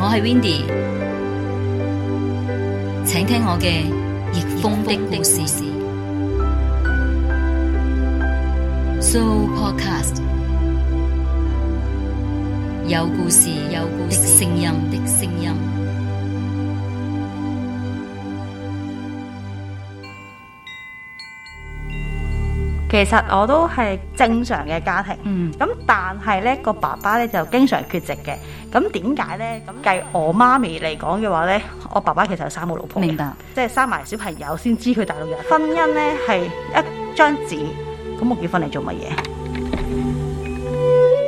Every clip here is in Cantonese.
我係 Windy，請聽我嘅逆風的故事。So podcast 有故事，有故事的聲音的聲音。其實我都係正常嘅家庭，咁、嗯、但係咧個爸爸咧就經常缺席嘅。咁點解咧？咁計我媽咪嚟講嘅話咧，我爸爸其實有三個老婆，明白，即係生埋小朋友先知佢大陸人。婚姻咧係一張紙，咁我結婚嚟做乜嘢？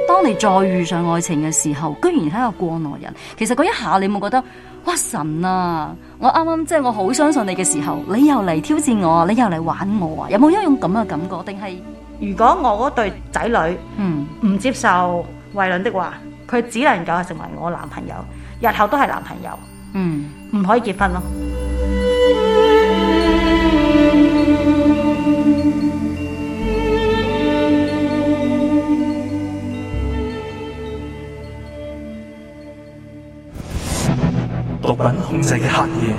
當你再遇上愛情嘅時候，居然係一個過路人，其實嗰一下你冇覺得？哇神啊！我啱啱即係我好相信你嘅時候，你又嚟挑戰我，你又嚟玩我啊！有冇一種咁嘅感覺？定係如果我嗰對仔女唔接受慧亮的話，佢、嗯、只能夠成為我男朋友，日後都係男朋友，唔、嗯、可以結婚咯。毒品控制嘅黑夜，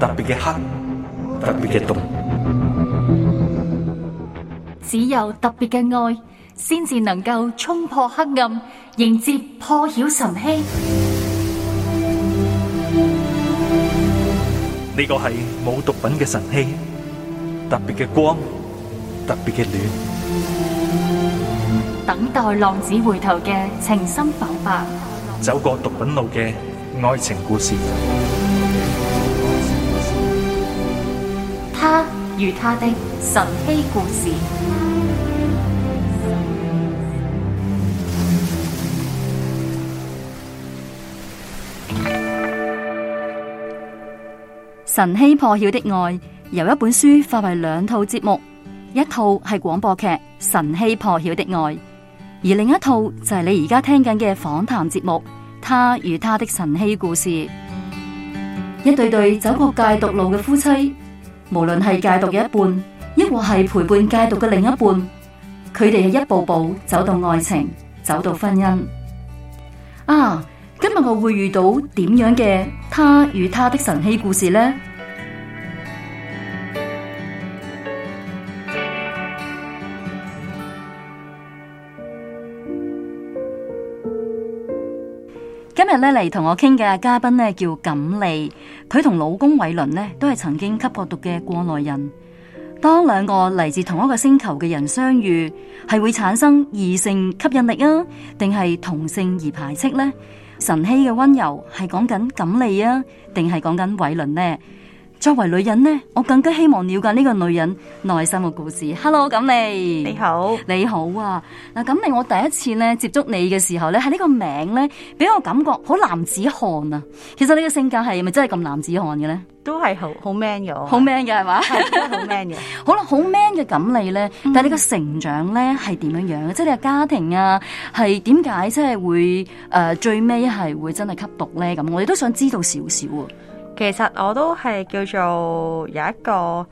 特別嘅黑，特別嘅毒。只有特別嘅愛，先至能夠衝破黑暗，迎接破曉晨曦。呢個係冇毒品嘅晨曦，特別嘅光，特別嘅暖。等待浪子回頭嘅情深剖白。走過毒品路嘅。愛情故事，他與他的神奇故事，神奇破曉的愛由一本書化為兩套節目，一套係廣播劇《神奇破曉的愛》，而另一套就係你而家聽緊嘅訪談節目。他與他的神奇故事，一對對走過戒毒路嘅夫妻，無論係戒毒嘅一半，亦或係陪伴戒毒嘅另一半，佢哋係一步步走到愛情，走到婚姻。啊，今日我會遇到點樣嘅他與他的神奇故事呢？今日咧嚟同我傾嘅嘉賓呢，叫錦利。佢同老公偉倫呢，都係曾經吸過毒嘅過來人。當兩個嚟自同一個星球嘅人相遇，係會產生異性吸引力啊，定係同性而排斥呢？晨曦嘅溫柔係講緊錦利啊，定係講緊偉倫呢？作為女人呢，我更加希望了解呢個女人內心嘅故事。Hello，錦你，你好，你好啊。嗱，錦你，我第一次呢接觸你嘅時候呢，係呢個名呢，俾我感覺好男子漢啊。其實你嘅性格係咪真係咁男子漢嘅咧？都係好好 man 嘅，好 man 嘅係嘛？好 man 嘅。好啦，好 man 嘅錦你咧，但係你嘅成長咧係點樣樣？即係你嘅家庭啊，係點解即係會誒、呃、最尾係會真係吸毒咧？咁我哋都想知道少少啊。其實，我都係叫做有一個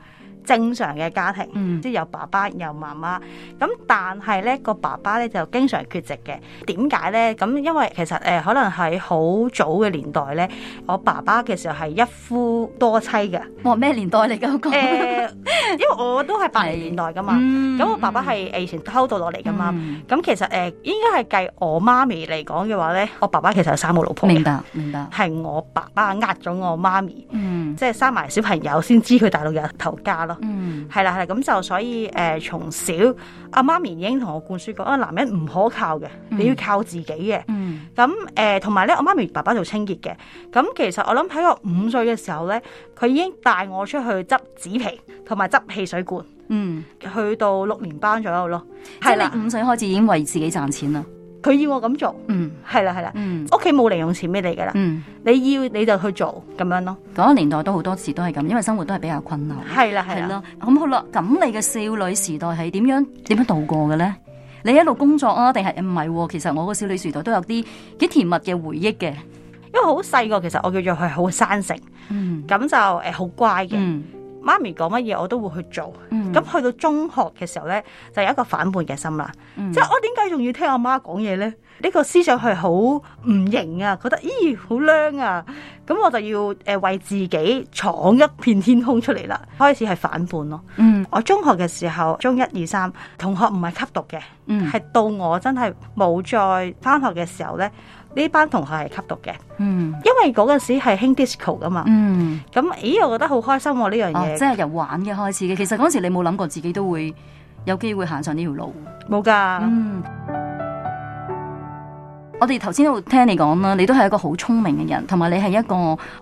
正常嘅家庭，即係、嗯、有爸爸有媽媽。咁但係咧個爸爸咧就經常缺席嘅。點解咧？咁因為其實誒、呃、可能喺好早嘅年代咧，我爸爸嘅時候係一夫多妻嘅。我咩年代嚟咁講？呃、 因為我都係八零年代噶嘛。咁是、嗯、我爸爸係誒以前偷渡落嚟噶嘛。咁、嗯嗯、其實誒、呃、應該係計我媽咪嚟講嘅話咧，我爸爸其實有三個老婆。明白，明白。係我爸爸呃咗我媽咪，嗯、即係生埋小朋友先知佢大陸有頭家咯。嗯，係啦，係啦，咁就所以，誒、呃，從小阿媽咪已經同我灌輸過，啊，男人唔可靠嘅，嗯、你要靠自己嘅。嗯，咁誒，同埋咧，我媽咪爸爸做清潔嘅，咁其實我諗喺我五歲嘅時候咧，佢已經帶我出去執紙皮，同埋執汽水罐。嗯，去到六年班左右咯。係啦、嗯，即係你五歲開始已經為自己賺錢啦。佢要我咁做，嗯，係啦係啦，嗯，屋企冇零用錢俾你噶啦，嗯，你要你就去做咁樣咯。嗰個年代都好多時都係咁，因為生活都係比較困難，係啦係啦。咁的的、嗯、好啦，咁你嘅少女時代係點樣點樣度過嘅咧？你一路工作啊，定係唔係？其實我嘅少女時代都有啲幾甜蜜嘅回憶嘅，因為好細個，其實我叫做好生性，嗯，咁就誒好乖嘅。嗯媽咪講乜嘢，媽媽我都會去做。咁、嗯、去到中學嘅時候呢，就有一個反叛嘅心啦，即係、嗯、我點解仲要聽阿媽講嘢呢？呢、這個思想係好唔型啊，覺得咦好靚啊，咁我就要誒為自己闖一片天空出嚟啦。開始係反叛咯。嗯、我中學嘅時候，中一二三同學唔係吸毒嘅，係、嗯、到我真係冇再返學嘅時候呢。呢班同學係吸毒嘅。嗯，因為嗰陣時係興 disco 噶嘛。嗯，咁咦，我覺得好開心喎呢樣嘢，哦，即係由玩嘅開始嘅。其實嗰時你冇諗過自己都會有機會行上呢條路，冇噶，嗯。我哋頭先都聽你講啦，你都係一個好聰明嘅人，同埋你係一個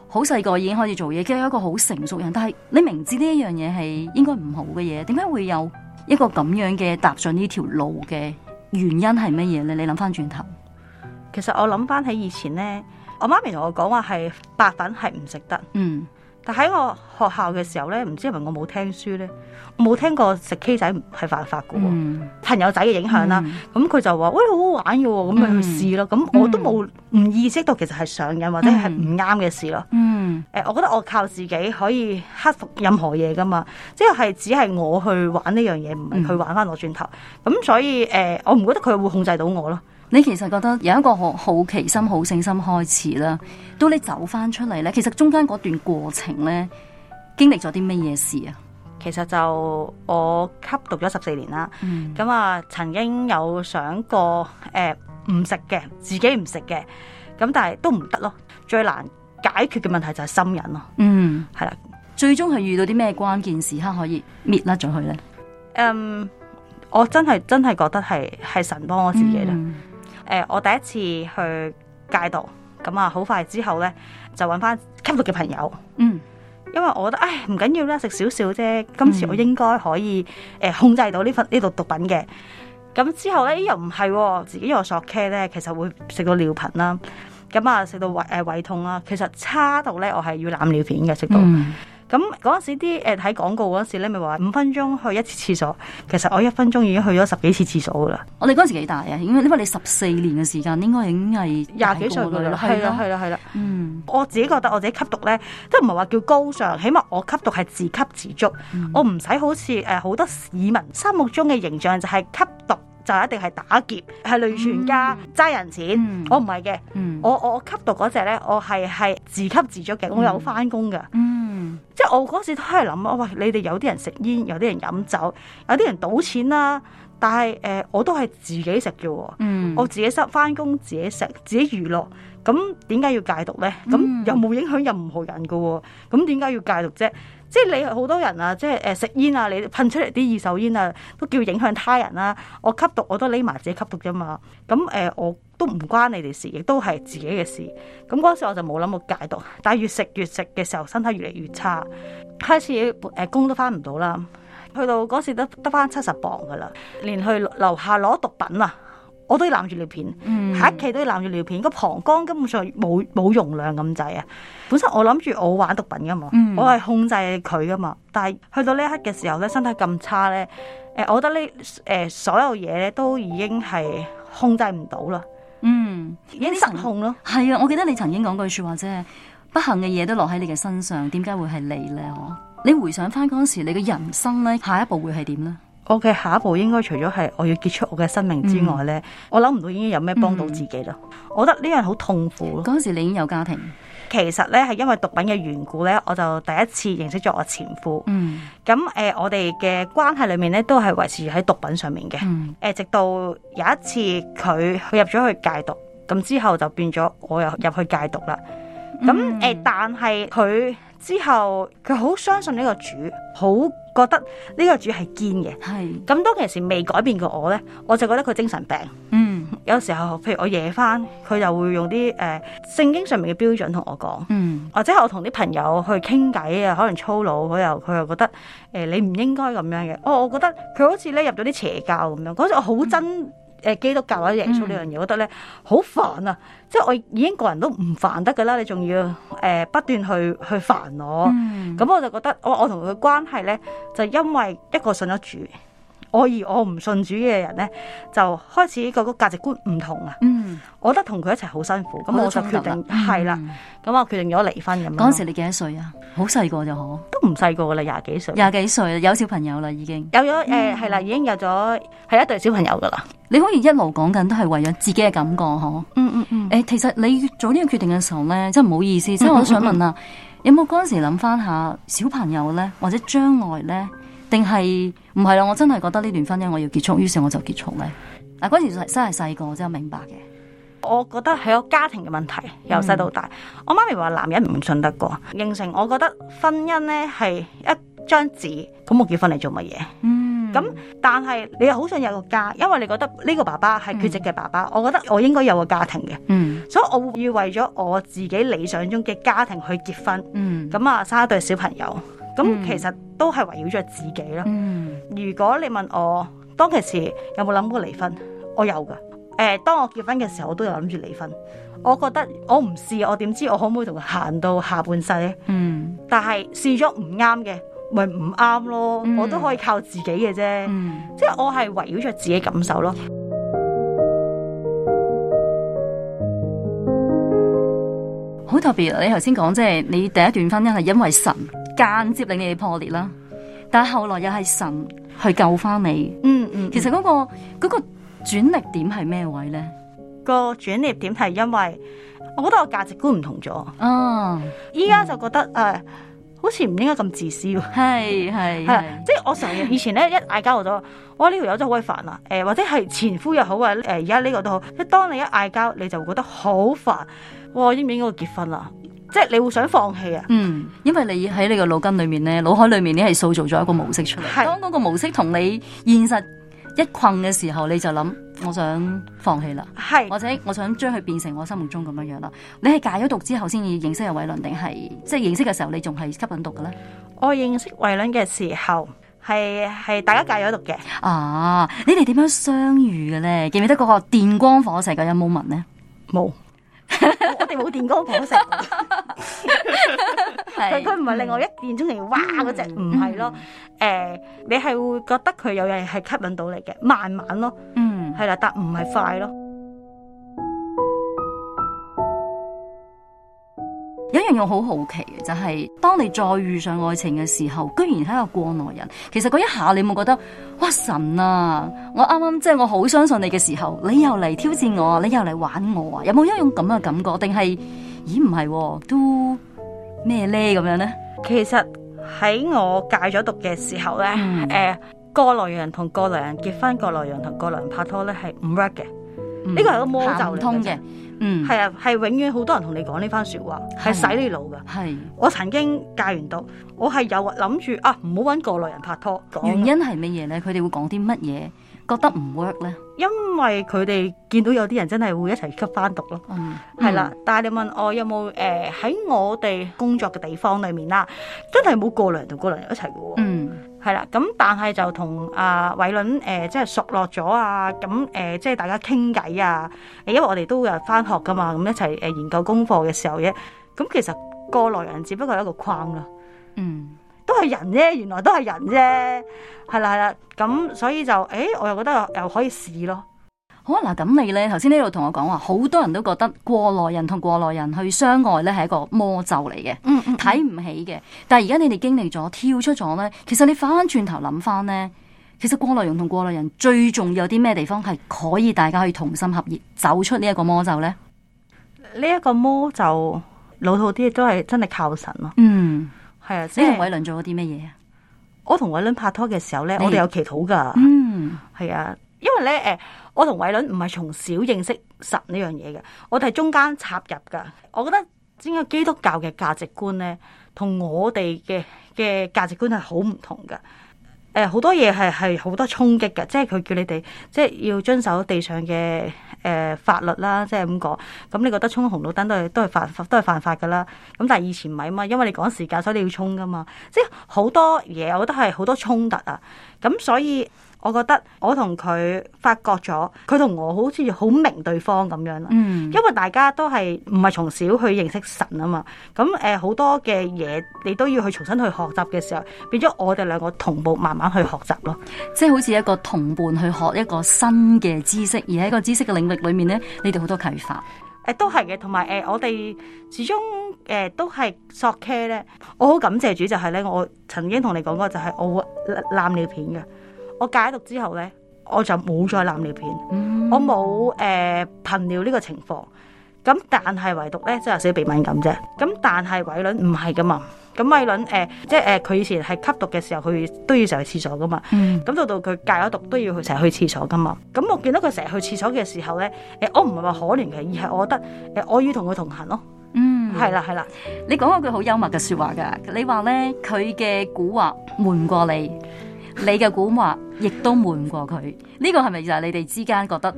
好細個已經開始做嘢，跟住一個好成熟人，但係你明知呢一樣嘢係應該唔好嘅嘢，點解會有一個咁樣嘅踏上呢條路嘅原因係乜嘢咧？你諗翻轉頭。其實我諗翻起以前咧，我媽咪同我講話係白粉係唔食得。嗯。但喺我學校嘅時候咧，唔知係咪我冇聽書咧，冇聽過食 K 仔係犯法嘅喎。嗯、朋友仔嘅影響啦、啊，咁佢、嗯、就話，喂，好好玩嘅喎、哦，咁咪去試咯。咁、嗯、我都冇唔意識到其實係上癮或者係唔啱嘅事咯。誒、嗯嗯，呃，我覺得我靠自己可以克服任何嘢噶嘛，即係係只係我去玩呢樣嘢，唔係去玩翻我轉頭。咁、嗯、所以誒、呃，我唔覺得佢會控制到我咯。你其實覺得有一個好好奇心、好勝心開始啦，到你走翻出嚟咧，其實中間嗰段過程咧，經歷咗啲咩嘢事啊？其實就我吸毒咗十四年啦，咁啊、嗯嗯，曾經有想過誒唔食嘅，自己唔食嘅，咁、嗯、但係都唔得咯。最難解決嘅問題就係心癮咯。嗯，係啦的，最終係遇到啲咩關鍵時刻可以搣甩咗佢咧？嗯，我真係真係覺得係係神幫我自己啦。嗯誒，我第一次去戒毒，咁啊，好快之後咧，就揾翻吸毒嘅朋友。嗯，因為我覺得，唉，唔緊要啦，食少少啫。今次我應該可以誒控制到呢份呢度、嗯、毒品嘅。咁之後咧，又唔係、喔、自己又索 K 咧，其實會食到尿頻啦。咁啊，食到胃誒、呃、胃痛啦。其實差度咧，我係要攬尿片嘅，食到。嗯咁嗰陣時啲誒睇廣告嗰陣時咧，咪話五分鐘去一次廁所，其實我一分鐘已經去咗十幾次廁所噶啦。我哋嗰陣時幾大啊？因為你十四年嘅時間，應該已經係廿幾歲噶啦，係啦係啦係啦。的嗯，我自己覺得我自己吸毒咧，都唔係話叫高尚，起碼我吸毒係自吸自足，嗯、我唔使好似誒好多市民心目中嘅形象就係吸毒。就一定係打劫，係累全家，欠、嗯、人錢。嗯、我唔係嘅，嗯、我我吸毒嗰隻咧，我係係自給自足嘅，嗯、我有翻工嘅。嗯、即係我嗰時都係諗啊，喂，你哋有啲人食煙，有啲人飲酒，有啲人賭錢啦、啊。但係誒、呃，我都係自己食嘅喎。嗯、我自己收翻工，自己食，自己娛樂。咁點解要戒毒咧？咁又冇影響任何人嘅喎。咁點解要戒毒啫？即係你好多人啊，即係誒食煙啊，你噴出嚟啲二手煙啊，都叫影響他人啦、啊。我吸毒我都匿埋自己吸毒啫嘛。咁誒、呃、我都唔關你哋事，亦都係自己嘅事。咁嗰時我就冇諗過戒毒，但係越食越食嘅時候，身體越嚟越差，開始誒工都返唔到啦。去到嗰時得得返七十磅㗎啦，連去樓下攞毒品啊，我都要攬住尿片，嗯、下一期都要攬住尿片。個膀胱根本上冇冇容量咁滯啊！本身我諗住我玩毒品噶嘛，嗯、我係控制佢噶嘛。但係去到呢一刻嘅時候咧，身體咁差咧，誒，我覺得呢誒、呃、所有嘢咧都已經係控制唔到啦。嗯，已經失控咯。係啊，我記得你曾經講句說話，即係，不幸嘅嘢都落喺你嘅身上，點解會係你咧？可你回想翻嗰時，你嘅人生咧，下一步會係點咧？我嘅下一步應該除咗係我要結束我嘅生命之外咧，嗯、我諗唔到已經有咩幫到自己啦。嗯、我覺得呢樣好痛苦咯。嗰時你已經有家庭，其實咧係因為毒品嘅緣故咧，我就第一次認識咗我前夫。嗯，咁誒、呃，我哋嘅關係裏面咧都係維持喺毒品上面嘅。誒、嗯，直到有一次佢佢入咗去戒毒，咁之後就變咗我又入去戒毒啦。咁誒、嗯呃，但係佢。之後佢好相信呢個主，好覺得呢個主係堅嘅。係咁當其時未改變過我呢，我就覺得佢精神病。嗯，有時候譬如我夜翻，佢就會用啲誒聖經上面嘅標準同我講。嗯，或者我同啲朋友去傾偈啊，可能粗魯，佢又佢又覺得誒、呃、你唔應該咁樣嘅。哦，我覺得佢好似咧入咗啲邪教咁樣，嗰時我好憎、嗯。嗯誒，基督教或者耶穌呢樣嘢，我覺得咧好煩啊！即係我已經個人都唔煩得噶啦，你仲要誒、呃、不斷去去煩我，咁我就覺得我我同佢嘅關係咧，就因為一個信咗主。我而我唔信主嘅人咧，就開始個個價值觀唔同啊！嗯，我覺得同佢一齊好辛苦，咁我就決定係啦，咁我決定咗離婚咁。嗰陣時你幾多歲啊？好細個就可，都唔細個噶啦，廿幾歲，廿幾歲有小朋友啦已經。有咗誒，係啦，已經有咗係一對小朋友噶啦。你可以一路講緊都係為咗自己嘅感覺嗬？嗯嗯誒，其實你做呢個決定嘅時候咧，真係唔好意思，即係我都想問啊，有冇嗰陣時諗翻下小朋友咧，或者將來咧？定係唔係啦？我真係覺得呢段婚姻我要結束，於是我就結束呢嗱，嗰、啊、時真係細個，我真係明白嘅。我覺得係有家庭嘅問題，由細到大，嗯、我媽咪話男人唔信得過，形成我覺得婚姻呢係一張紙，咁我結婚嚟做乜嘢？嗯，咁但係你又好想有個家，因為你覺得呢個爸爸係缺席嘅爸爸，嗯、我覺得我應該有個家庭嘅。嗯、所以我會為咗我自己理想中嘅家庭去結婚。嗯，咁啊、嗯、生一對小朋友。咁、嗯、其實都係圍繞着自己咯。嗯、如果你問我，當其時有冇諗過離婚？我有噶。誒、呃，當我結婚嘅時候，我都有諗住離婚。我覺得我唔試，我點知我可唔可以同佢行到下半世咧？嗯、但係試咗唔啱嘅，咪唔啱咯。嗯、我都可以靠自己嘅啫。嗯、即係我係圍繞着自己感受咯。好、嗯、特別，你頭先講即係你第一段婚姻係因為神。間接令你哋破裂啦，但係後來又係神去救翻你。嗯嗯，嗯，其實嗰、那個嗰、嗯、個轉捩點係咩位咧？個轉捩點係因為我覺得我價值觀唔同咗。嗯、啊，依家就覺得誒、嗯哎，好似唔應該咁自私。係係係，即係我成日以前咧一嗌交我就，我呢條友真係好煩啊！誒、呃，或者係前夫又好啊，誒而家呢個都好。一、呃、當你一嗌交，你就會覺得好煩。哇！應唔應該結婚啦？即係你會想放棄啊？嗯，因為你喺你個腦筋裏面咧，腦海裏面咧係塑造咗一個模式出嚟。係是當嗰個模式同你現實一困嘅時候，你就諗我想放棄啦。係是或者我想將佢變成我心目中咁樣樣啦。你係戒咗毒之後先認識有偉倫，定係即係認識嘅時候你仲係吸緊毒嘅咧？我認識偉倫嘅時候係係大家戒咗毒嘅。啊，你哋點樣相遇嘅咧？記唔記得嗰個電光火石嘅 moment 呢？冇。我哋冇電光火石，佢佢唔係另外一見鍾情哇嗰隻，唔係咯，誒、 嗯嗯 哎，你係會覺得佢有樣嘢係吸引到你嘅，慢慢咯，嗯，係 啦，但唔係快咯。有一樣我好好奇嘅，就係、是、當你再遇上愛情嘅時候，居然係一個過來人，其實嗰一下你有冇覺得，哇神啊！我啱啱即係我好相信你嘅時候，你又嚟挑戰我，你又嚟玩我啊，有冇一種咁嘅感覺？定係咦唔係、啊、都咩咧咁樣咧？呢其實喺我戒咗毒嘅時候咧，誒、嗯呃，過來人同過來人結婚，過來人同過來人拍拖咧係唔 work 嘅，呢個係個魔咒通嘅。嗯，係啊，係永遠好多人同你講呢番說話，係洗你腦噶。係，我曾經戒完毒，我係有諗住啊，唔好揾過來人拍拖。原因係乜嘢咧？佢哋會講啲乜嘢？覺得唔 work 咧？因為佢哋見到有啲人真係會一齊吸翻毒咯。嗯，係啦。嗯，但係你問我有冇誒，喺我哋工作嘅地方裏面啦，真係冇過來人同過來人一齊噶。嗯。嗯係啦，咁但係就同阿偉倫誒，即係熟落咗啊，咁、呃、誒，即係大家傾偈啊，因為我哋都有翻學噶嘛，咁一齊誒研究功課嘅時候嘅，咁、啊、其實過來人只不過係一個框咯，嗯，都係人啫，原來都係人啫，係啦係啦，咁所以就誒、哎，我又覺得又，又可以試咯。好嗱，咁你咧，頭先呢度同我講話，好多人都覺得過來人同過來人去相愛咧係一個魔咒嚟嘅，睇唔、嗯嗯、起嘅。但係而家你哋經歷咗，跳出咗咧，其實你翻轉頭諗翻咧，其實過來人同過來人最重要有啲咩地方係可以大家可以同心合意走出呢一個魔咒咧？呢一個魔咒老套啲都係真係靠神咯、啊。嗯，係啊。就是、你同偉倫做咗啲咩嘢啊？我同偉倫拍拖嘅時候咧，你我哋有祈禱噶。嗯、係、嗯、啊。因為咧，誒，我同偉倫唔係從小認識神呢樣嘢嘅，我哋係中間插入噶。我覺得呢個基督教嘅價值觀咧，同我哋嘅嘅價值觀係好唔同噶。誒，好多嘢係係好多衝擊嘅，即係佢叫你哋即係要遵守地上嘅誒、呃、法律啦，即係咁講。咁你覺得衝紅綠燈都係都係犯都係犯法噶啦？咁但係以前唔係啊嘛，因為你趕時間，所以你要衝噶嘛。即係好多嘢，我覺得係好多衝突啊。咁所以。我覺得我同佢發覺咗，佢同我好似好明對方咁樣啦。嗯，因為大家都係唔係從小去認識神啊嘛，咁誒好多嘅嘢你都要去重新去學習嘅時候，變咗我哋兩個同步慢慢去學習咯。即係好似一個同伴去學一個新嘅知識，而喺一個知識嘅領域裏面咧，你哋好多啟發誒，都係嘅，同埋誒，我哋始終誒都係索 care 咧。我好感謝主，就係咧，我曾經同你講過就係我攬尿片嘅。我戒咗毒之後咧，我就冇再濫尿片，我冇誒噴尿呢個情況。咁但係唯獨咧，即係有少少鼻敏感啫。咁但係偉倫唔係噶嘛。咁偉倫誒，即係誒，佢、呃、以前係吸毒嘅時候，佢都要成日去廁所噶嘛。咁到到佢戒咗毒，都要去成日去廁所噶嘛。咁、嗯嗯、我見到佢成日去廁所嘅時候咧，誒、呃，我唔係話可憐嘅，而係我覺得，誒、呃，我要同佢同行咯。嗯，係啦係啦。你講嗰句好幽默嘅說話噶，你話咧佢嘅蠱惑瞞過你。你嘅蠱惑亦都瞞過佢，呢、這個係咪就係你哋之間覺得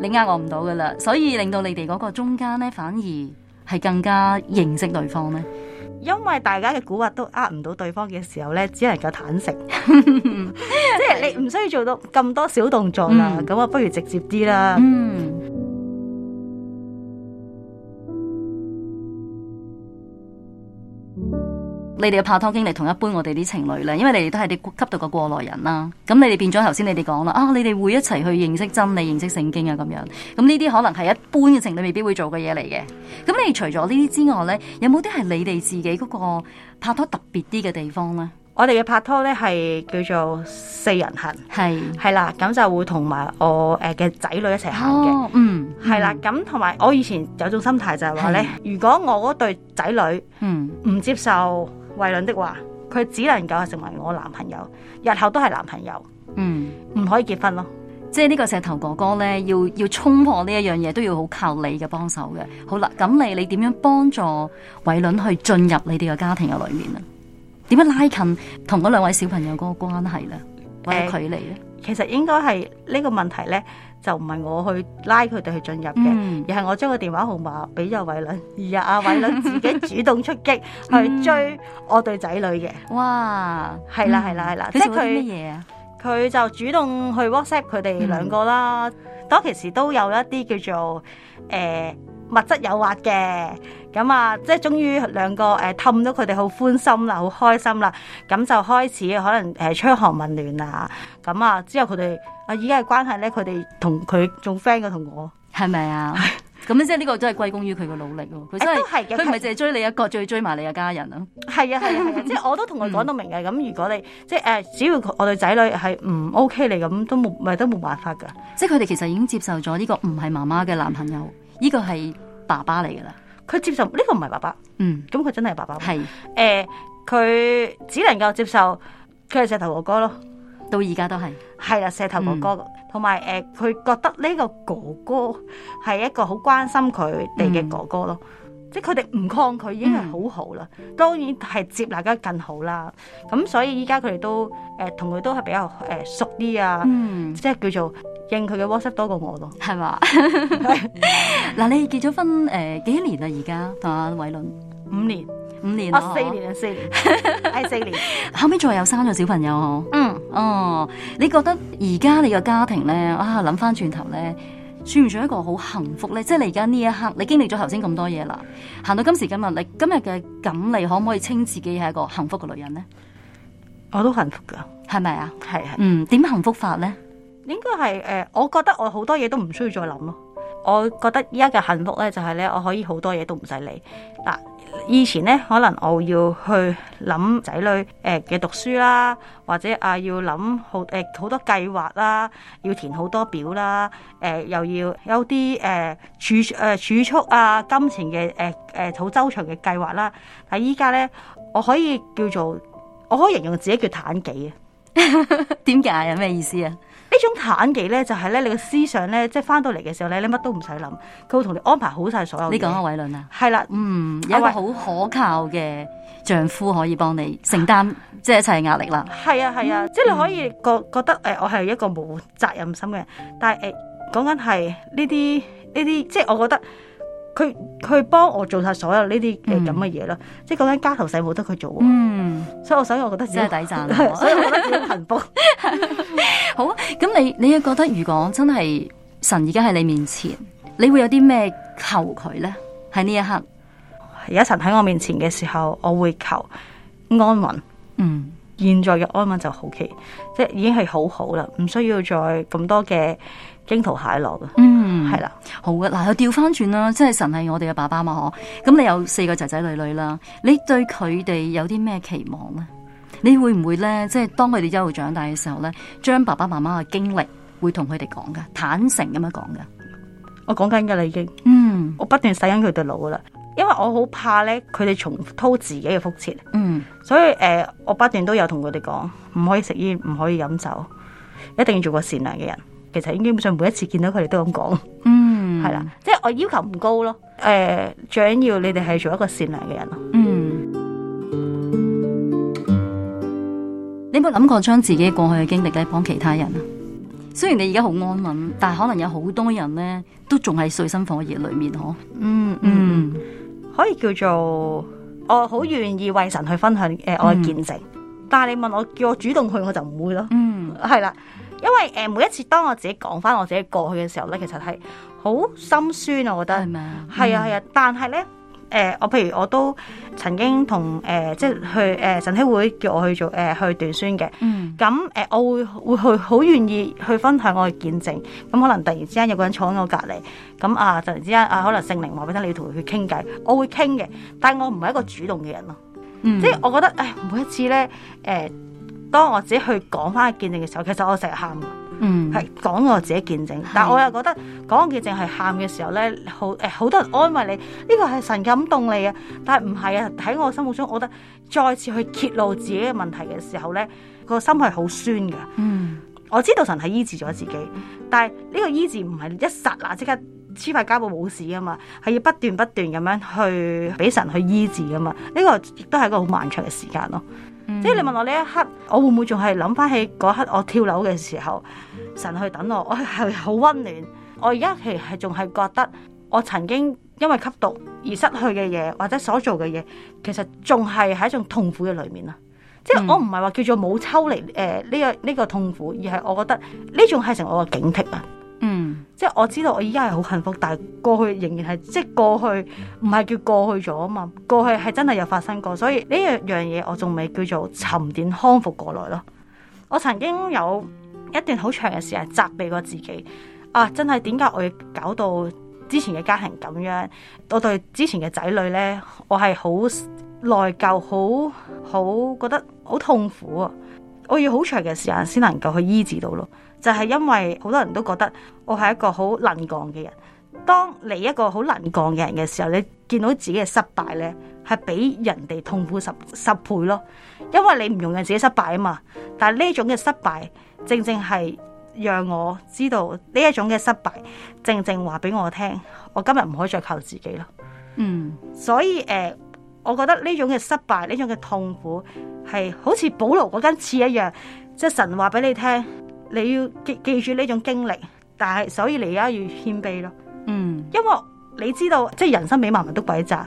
你呃我唔到噶啦？所以令到你哋嗰個中間咧，反而係更加認識對方咧。因為大家嘅蠱惑都呃唔到對方嘅時候咧，只能夠坦誠， 即係你唔需要做到咁多小動作啦。咁啊、嗯，不如直接啲啦。嗯你哋嘅拍拖經歷同一般我哋啲情侶咧，因為你哋都係啲吸毒嘅過來人啦、啊。咁你哋變咗頭先，你哋講啦，啊，你哋會一齊去認識真理、認識聖經啊，咁樣。咁呢啲可能係一般嘅情侶未必會做嘅嘢嚟嘅。咁你除咗呢啲之外呢，有冇啲係你哋自己嗰個拍拖特別啲嘅地方呢？我哋嘅拍拖呢係叫做四人行，係係是啦，咁就會同埋我誒嘅仔女一齊行嘅、哦。嗯，係、嗯、啦，咁同埋我以前有種心態就係話呢，是如果我嗰對仔女，唔接受。偉倫的話，佢只能夠係成為我男朋友，日後都係男朋友，嗯，唔可以結婚咯。即係呢個石頭哥哥呢，要要衝破呢一樣嘢，都要好靠你嘅幫手嘅。好啦，咁你你點樣幫助偉倫去進入你哋嘅家庭嘅裏面啊？點樣拉近同嗰兩位小朋友嗰個關係呢？或者距離呢？呃，其實應該係呢個問題呢。就唔係我去拉佢哋去進入嘅，嗯、而係我將個電話號碼俾咗阿偉倫，而阿偉倫自己主動出擊 是去追我對仔女嘅。哇！係啦，係、嗯、啦，係啦，啦嗯、即係佢乜嘢啊？佢就主動去 WhatsApp 佢哋兩個啦，嗯、當其時都有一啲叫做誒、呃、物質誘惑嘅，咁啊即係終於兩個誒氹、呃、到佢哋好歡心啦，好開心啦，咁就開始可能誒吹寒問暖啊，咁啊之後佢哋啊而家嘅關係咧，佢哋同佢仲 friend 嘅，同我係咪啊？ 咁即係呢個都係歸功於佢個努力咯。佢都係嘅，佢唔係淨係追你一個，再追埋你一家人啊。係啊係啊係啊， 即係我都同佢講到明嘅。咁如果你即係誒，只要我對仔女係唔 ok 你咁，都冇咪都冇辦法噶。即係佢哋其實已經接受咗呢個唔係媽媽嘅男朋友，呢、嗯、個係爸爸嚟噶啦。佢接受呢、呢個唔係爸爸，嗯，咁佢真係爸爸係誒，佢的、呃、只能夠接受佢係石頭哥哥咯。到而家都係係啦，石頭哥哥，同埋誒，佢覺得呢個哥哥係一個好關心佢哋嘅哥哥咯，即係佢哋唔抗拒已經係好好啦。當然係接大家更好啦。咁所以依家佢哋都誒，同佢都係比較誒，熟啲啊，即係叫做應佢嘅 whatsapp 多過我咯，係嘛？嗱，你結咗婚誒，幾年啊？而家同阿偉倫五年，五年四年啊，四年係四年。後尾仲有三個小朋友嗬。哦，你覺得而家你個家庭咧啊，諗翻轉頭咧，算唔算一個好幸福咧？即係你而家呢一刻，你經歷咗頭先咁多嘢啦，行到今時今日，你今日嘅咁，你可唔可以稱自己係一個幸福嘅女人咧？我都幸福噶，係咪啊？係係，嗯，點幸福法咧？應該係誒、呃，我覺得我好多嘢都唔需要再諗咯。我覺得依家嘅幸福咧，就係咧，我可以好多嘢都唔使理。嗱，以前咧可能我要去諗仔女誒嘅讀書啦，或者啊要諗好誒好多計劃啦，要填好多表啦，誒、呃、又要有啲誒儲誒儲蓄啊金錢嘅誒誒好周詳嘅計劃啦。但係依家咧，我可以叫做我可以形容自己叫坦幾啊？點解有咩意思啊？這種坦忌咧，就係、是、咧，你個思想咧，即係翻到嚟嘅時候咧，你乜都唔使諗，佢會同你安排好晒所有嘢。你講阿偉論啊，係啦，嗯，有一個好可靠嘅丈夫可以幫你承擔、啊、即係一切壓力啦。係啊係啊，啊嗯、即係你可以覺覺得誒，我係一個冇責任心嘅人，但係誒，講緊係呢啲呢啲，即係我覺得。佢佢幫我做晒所有呢啲嘅咁嘅嘢啦，即係講家頭細務冇得佢做喎，所以我所以我覺得自己真係抵讚，所以我覺得好幸福。好啊，咁你你又覺得如果真係神而家喺你面前，你會有啲咩求佢咧？喺呢一刻，而家神喺我面前嘅時候，我會求安穩。嗯。現在嘅安穩就好奇，即係已經係好好啦，唔需要再咁多嘅驚濤駭浪噶。嗯，係啦的，好嘅，嗱，又調翻轉啦，即係神係我哋嘅爸爸嘛，嗬，咁你有四個仔仔女女啦，你對佢哋有啲咩期望咧？你會唔會咧，即係當佢哋一路長大嘅時候咧，將爸爸媽媽嘅經歷會同佢哋講噶，坦誠咁樣講噶？我講緊噶啦，已經，嗯，我不斷洗緊佢哋腦噶啦。因為我好怕咧，佢哋重蹈自己嘅覆轍，嗯、所以誒、呃，我不斷都有同佢哋講，唔可以食煙，唔可以飲酒，一定要做個善良嘅人。其實，已經基本上每一次見到佢哋都咁講，嗯，係啦，即係我要求唔高咯。誒、呃，最緊要你哋係做一個善良嘅人咯。嗯，嗯，你有冇諗過將自己過去嘅經歷咧幫其他人啊？雖然你而家好安穩，但係可能有好多人咧都仲係水深火熱裏面嗬、嗯。嗯嗯。可以叫做我好願意為神去分享誒、我嘅見證。嗯、但係你問我叫我主動去，我就唔會咯。嗯，係啦，因為誒、每一次當我自己講翻我自己過去嘅時候咧，其實係好心酸啊，我覺得係咪係啊，係啊，但係咧。誒，我譬、呃、如我都曾經同誒、呃，即係去誒、呃、晨曦會叫我去做誒、呃、去斷酸嘅。嗯，咁誒、呃，我會會去好願意去分享我嘅見證。咁、嗯、可能突然之間有個人坐喺我隔離，咁、嗯、啊，突然之間啊，可能聖靈話俾我聽，你同佢傾偈，我會傾嘅。但係我唔係一個主動嘅人咯。嗯、即係我覺得誒，每一次咧誒、呃，當我自己去講翻嘅見證嘅時候，其實我成日喊。嗯，係講我自己見證，是但係我又覺得講我見證係喊嘅時候咧，好誒、欸，好多人安慰你，呢、這個係神感動你啊！但係唔係啊，喺我心目中，我覺得再次去揭露自己嘅問題嘅時候咧，個心係好酸嘅。嗯，我知道神係醫治咗自己，但係呢個醫治唔係一剎那即刻黐塊膠布冇事啊嘛，係要不斷不斷咁樣去俾神去醫治啊嘛，呢、這個亦都係一個好漫長嘅時間咯。嗯、即係你問我呢一刻，我會唔會仲係諗翻起嗰刻我跳樓嘅時候，神去等我，我係好溫暖。我而家其實仲係覺得，我曾經因為吸毒而失去嘅嘢，或者所做嘅嘢，其實仲係喺一種痛苦嘅裏面啊。即係我唔係話叫做冇抽離誒呢個呢、呢個痛苦，而係我覺得呢種係成我嘅警惕啊。即係我知道我依家係好幸福，但係過去仍然係即係過去，唔係叫過去咗啊嘛。過去係真係有發生過，所以呢樣嘢我仲未叫做沉澱康復過來咯。我曾經有一段好長嘅時間責備過自己，啊，真係點解我要搞到之前嘅家庭咁樣？我對之前嘅仔女呢，我係好內疚，好好覺得好痛苦啊。我要好長嘅時間先能夠去醫治到咯，就係因為好多人都覺得我係一個好能幹嘅人。當你一個好能幹嘅人嘅時候，你見到自己嘅失敗咧，係比人哋痛苦十十倍咯。因為你唔容忍自己失敗啊嘛。但係呢種嘅失敗，正正係讓我知道呢一種嘅失敗，正正話俾我聽，我今日唔可以再靠自己咯。嗯，所以誒。呃我覺得呢種嘅失敗，呢種嘅痛苦，係好似保羅嗰根刺一樣，即係神話俾你聽，你要記記住呢種經歷，但係所以你而家要謙卑咯。嗯，因為你知道，即係人生比萬物都詭詐。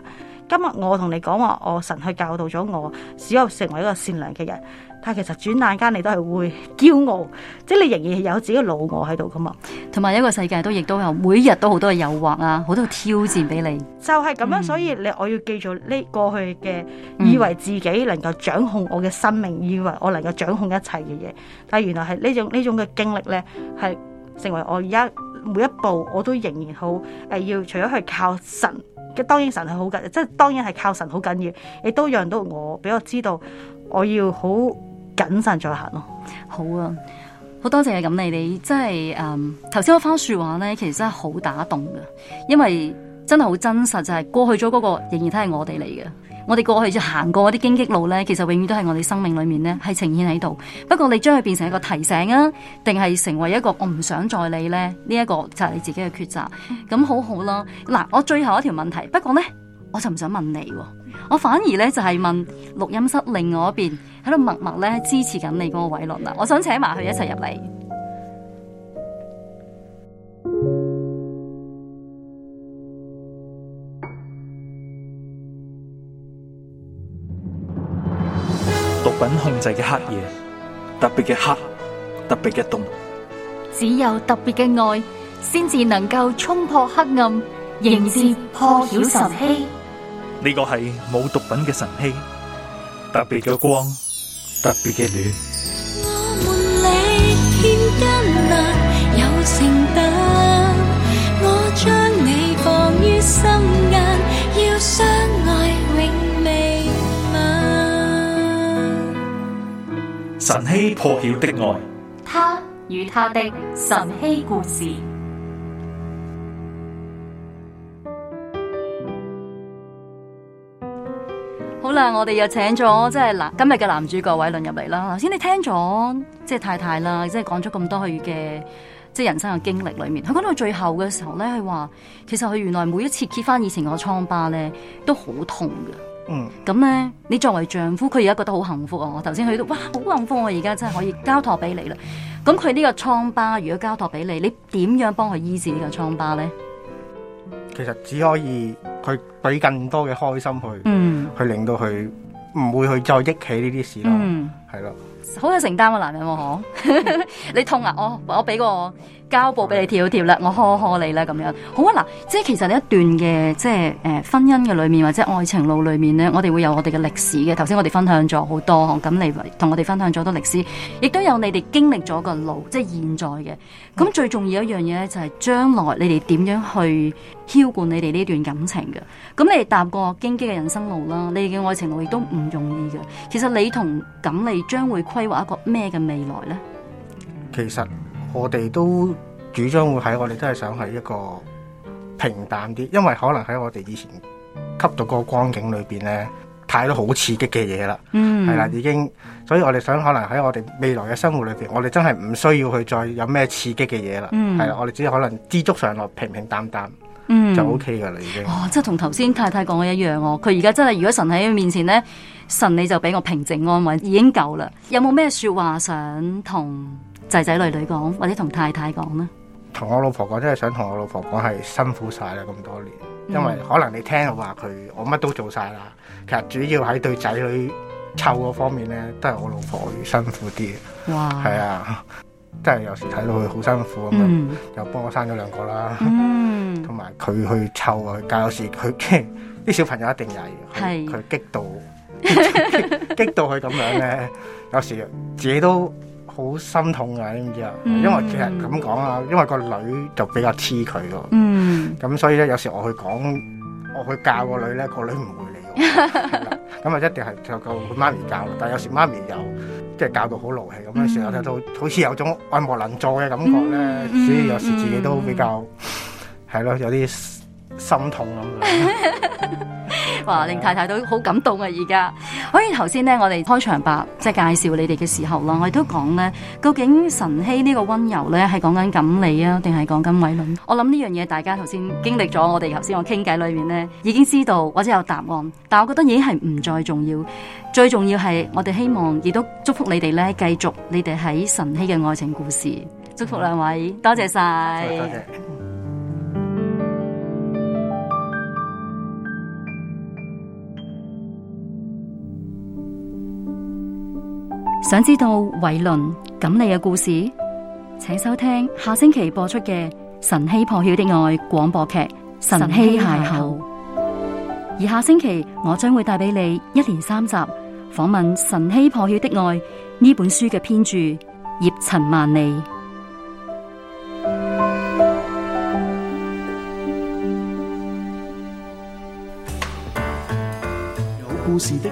今日我同你講話，我神去教導咗我，使我成為一個善良嘅人。但係其實轉眼間你都係會驕傲，即係你仍然有自己嘅老我喺度噶嘛。同埋一個世界都亦都有每日都好多嘅誘惑啊，好多挑戰俾你。就係咁樣，嗯、所以你我要記住呢過去嘅，以為自己能夠掌控我嘅生命，以為我能夠掌控一切嘅嘢。但係原來係呢種呢種嘅經歷咧，係成為我而家每一步我都仍然好誒，要、呃、除咗係靠神嘅，當然神係好緊，即、就、係、是、當然係靠神好緊要，亦都讓到我俾我知道，我要好。謹慎再行咯。好啊，好多謝咁你，你真係誒，頭、嗯、先我番說話呢，其實真係好打動噶，因為真係好真實，就係、是、過去咗嗰個，仍然都係我哋嚟嘅。我哋過去就行過嗰啲荊棘路呢，其實永遠都係我哋生命裏面呢係呈現喺度。不過你將佢變成一個提醒啊，定係成為一個我唔想再理呢？呢、這、一個就係你自己嘅抉擇。咁好、嗯、好啦。嗱，我最後一條問題，不過呢，我就唔想問你喎、啊。我反而咧就係問錄音室另外一邊喺度默默咧支持緊你嗰個偉倫啊，我想請埋佢一齊入嚟。毒品控制嘅黑夜，特別嘅黑，特別嘅凍，只有特別嘅愛，先至能夠衝破黑暗，迎接破曉晨曦。呢個係冇毒品嘅神器，特別嘅光，特別嘅暖。我們歷天艱難，啊、有承擔，我將你放於心間，要相愛永未晚，啊。神曦破曉的愛，他與他的神曦故事。好啦，我哋又請咗即係男今日嘅男主角偉倫入嚟啦。頭先你聽咗即係太太啦，即係講咗咁多佢嘅即係人生嘅經歷裏面，佢講到最後嘅時候咧，佢話其實佢原來每一次揭翻以前個瘡疤咧，都好痛噶。嗯，咁咧，你作為丈夫，佢而家覺得好幸福啊！我頭先去到，哇，好幸福啊！而家真係可以交託俾你啦。咁佢呢個瘡疤如果交託俾你，你點樣幫佢醫治個呢個瘡疤咧？其實只可以。佢俾更多嘅開心去，佢、嗯，去令到佢唔會去再憶起呢啲事咯，係咯、嗯，好了有承擔嘅男人喎，嗬， 你痛啊，oh, 我我俾個。交布俾你跳跳啦，我呵呵你啦咁樣。好啊，嗱，即係其實一段嘅即係誒、呃、婚姻嘅裏面或者愛情路裏面呢，我哋會有我哋嘅歷史嘅。頭先我哋分享咗好多，咁你同我哋分享咗好多歷史，亦都有你哋經歷咗個路，即係現在嘅。咁最重要一樣嘢呢，就係將來你哋點樣去澆灌你哋呢段感情嘅。咁你哋踏過荊棘嘅人生路啦，你哋嘅愛情路亦都唔容易嘅。其實你同錦你將會規劃一個咩嘅未來呢？其實。我哋都主張會喺我哋真係想喺一個平淡啲，因為可能喺我哋以前吸到嗰個光景裏邊咧，睇到好刺激嘅嘢啦，係啦、嗯啊，已經，所以我哋想可能喺我哋未來嘅生活裏邊，我哋真係唔需要去再有咩刺激嘅嘢啦，係啦、嗯啊，我哋只係可能知足常樂，平平淡淡，嗯、就 O K 噶啦已經。哦，即係同頭先太太講嘅一樣哦、啊，佢而家真係如果神喺佢面前咧，神你就俾我平靜安穩，已經夠啦。有冇咩說話想同？仔仔女女講，或者同太太講啦。同我老婆講，真、就、係、是、想同我老婆講，係辛苦晒啦咁多年。因為可能你聽話佢，我乜都做晒啦。其實主要喺對仔女湊嗰方面咧，嗯、都係我老婆辛苦啲。哇！係啊，真係有時睇到佢好辛苦咁樣，又、嗯、幫我生咗兩個啦。嗯，同埋佢去湊去教時，佢即係啲小朋友一定曳，佢是激到 激，激到佢咁樣咧。 有時自己都～好心痛㗎，你知唔知啊？嗯、因為其實咁講啊，因為個女就比較黐佢嘅，咁、嗯、所以咧有時我去講，我去教個女咧，個女唔會理我，咁啊 一定係就靠佢媽咪教。但係有時媽咪又即係教、嗯、到好勞氣咁樣，成日睇到好似有種愛莫能助嘅感覺咧，嗯、所以有時自己都比較係咯、嗯嗯，有啲。心痛咁 哇！令太太都好感動啊！而家，可以頭先呢，我哋開場白即係介紹你哋嘅時候啦，我亦都講呢，究竟晨曦呢個溫柔呢係講緊錦鯉啊，定係講緊偉倫？我諗呢樣嘢，大家頭先經歷咗，我哋頭先我傾偈裏面呢已經知道或者有答案，但我覺得已經係唔再重要。最重要係我哋希望，亦都祝福你哋呢，繼續你哋喺晨曦嘅愛情故事。祝福兩位，嗯、謝謝多謝晒。想知道偉倫錦你嘅故事，請收聽下星期播出嘅《晨曦破曉的愛》廣播劇《晨曦邂逅》。而下星期我將會帶俾你一連三集訪問《晨曦破曉的愛》呢本書嘅編著葉陳萬里。有故事的。